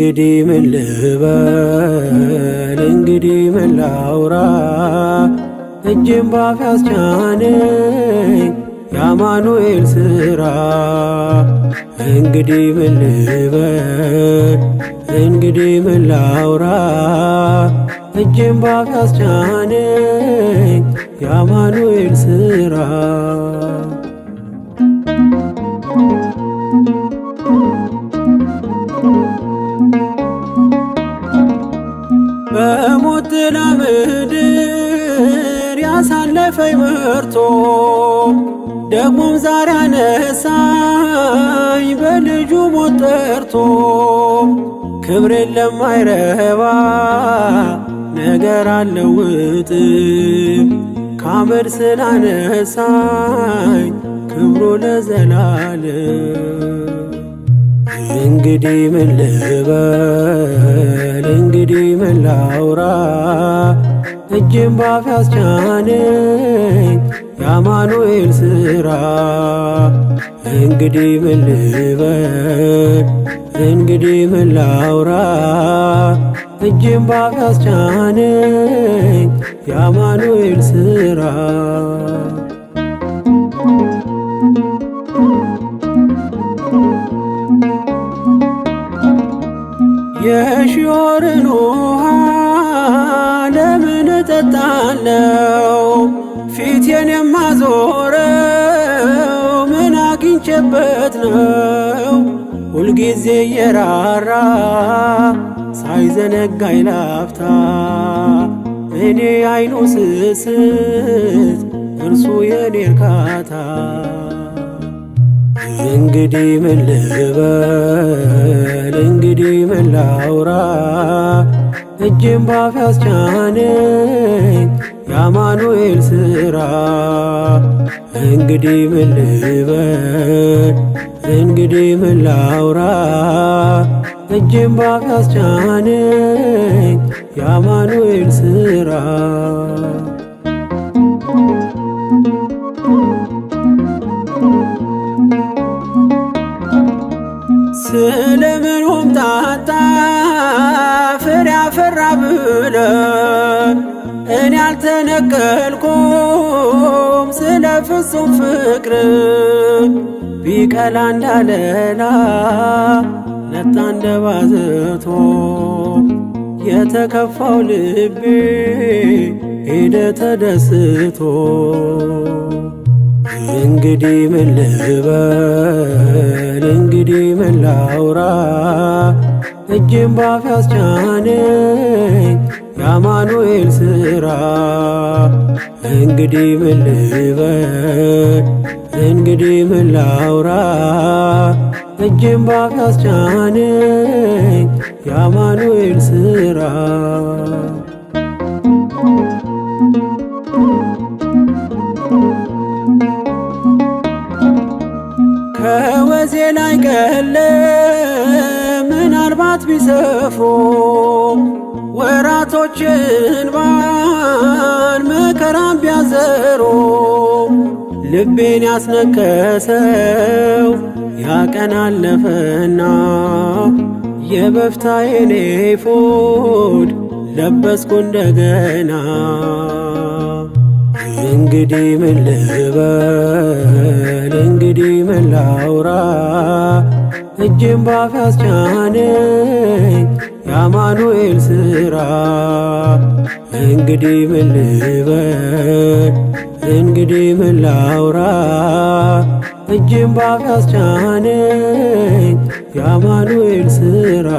እንግዲህ ምን ልበል እንግዲህ ምን ላውራ እጅም ባፍ ያስቻነኝ የአማኑኤል ስራ እንግዲህ ምን ልበል እንግዲህ ምን ላውራ እጅም ባፍ ያስቻነኝ የአማኑኤል ስራ አሸነፈኝ መርቶ ደግሞም ዛሬ አነሳኝ በልጁ ሞት ጠርቶ ክብሬን ለማይረባ ነገር አልለውጥም ከአመድ ስላነሳኝ ክብሩ ለዘላለም እንግዲህ ምን ልበል እንግዲህ ምን ላውራ እጅም ባፍ ያስቻነኝ የአማኑኤል ሥራ እንግዲህ ምን ልበል እንግዲህ ምን ላውራ እጅም ባፍ ያስቻነኝ የአማኑኤል ሥራ የሺዮርን ፊት ፊቴን የማዞረው ምን አግኝቼበት ነው? ሁልጊዜ እየራራ ሳይዘነጋ ይላፍታ እኔ አይኑ ስስት እርሱ የኔ እርካታ እንግዲህ ምን ልበል እንግዲህ ምን ላውራ እጅም ባፍ ያስቻነኝ የአማኑኤል ሥራ እንግዲህ ምን ልበል እንግዲህ ምን ላውራ እጅም ባፍ ያስቻነኝ የአማኑኤል ሥራ ስለምን ሆምጣጣ አፈራ ብለ እኔ አልተነቀልኩም ስለ ፍጹም ፍቅር ቢቀላ እንዳለላ ነጣ እንደባዘቶ የተከፋው ልቤ ሄደ ተደስቶ እንግዲህ ምን ልበል እንግዲህ ምን ላውራ እጅም ባፍ ያስጫነኝ የአማኑኤል ስራ እንግዲህ ምን ልበል እንግዲህ ምን ላውራ እጅም ባፍ ያስጫነኝ የአማኑኤል ስራ ከወዜ ላይ ቀለብ ርግባት ቢሰፍሩ ወራቶችን ባን መከራን ቢያዘሩ ልቤን ያስነከሰው ያቀን አለፈና የበፍታዬ ኤፎድ ለበስኩ እንደገና። እንግዲህ ምን ልበል እንግዲህ ምን ላውራ እጅም ባፍ ያስጫነኝ የአማኑኤል ስራ እንግዲህ ምን ልበል እንግዲህ ምን ላውራ እጅም ባፍ ያስጫነኝ የአማኑኤል ስራ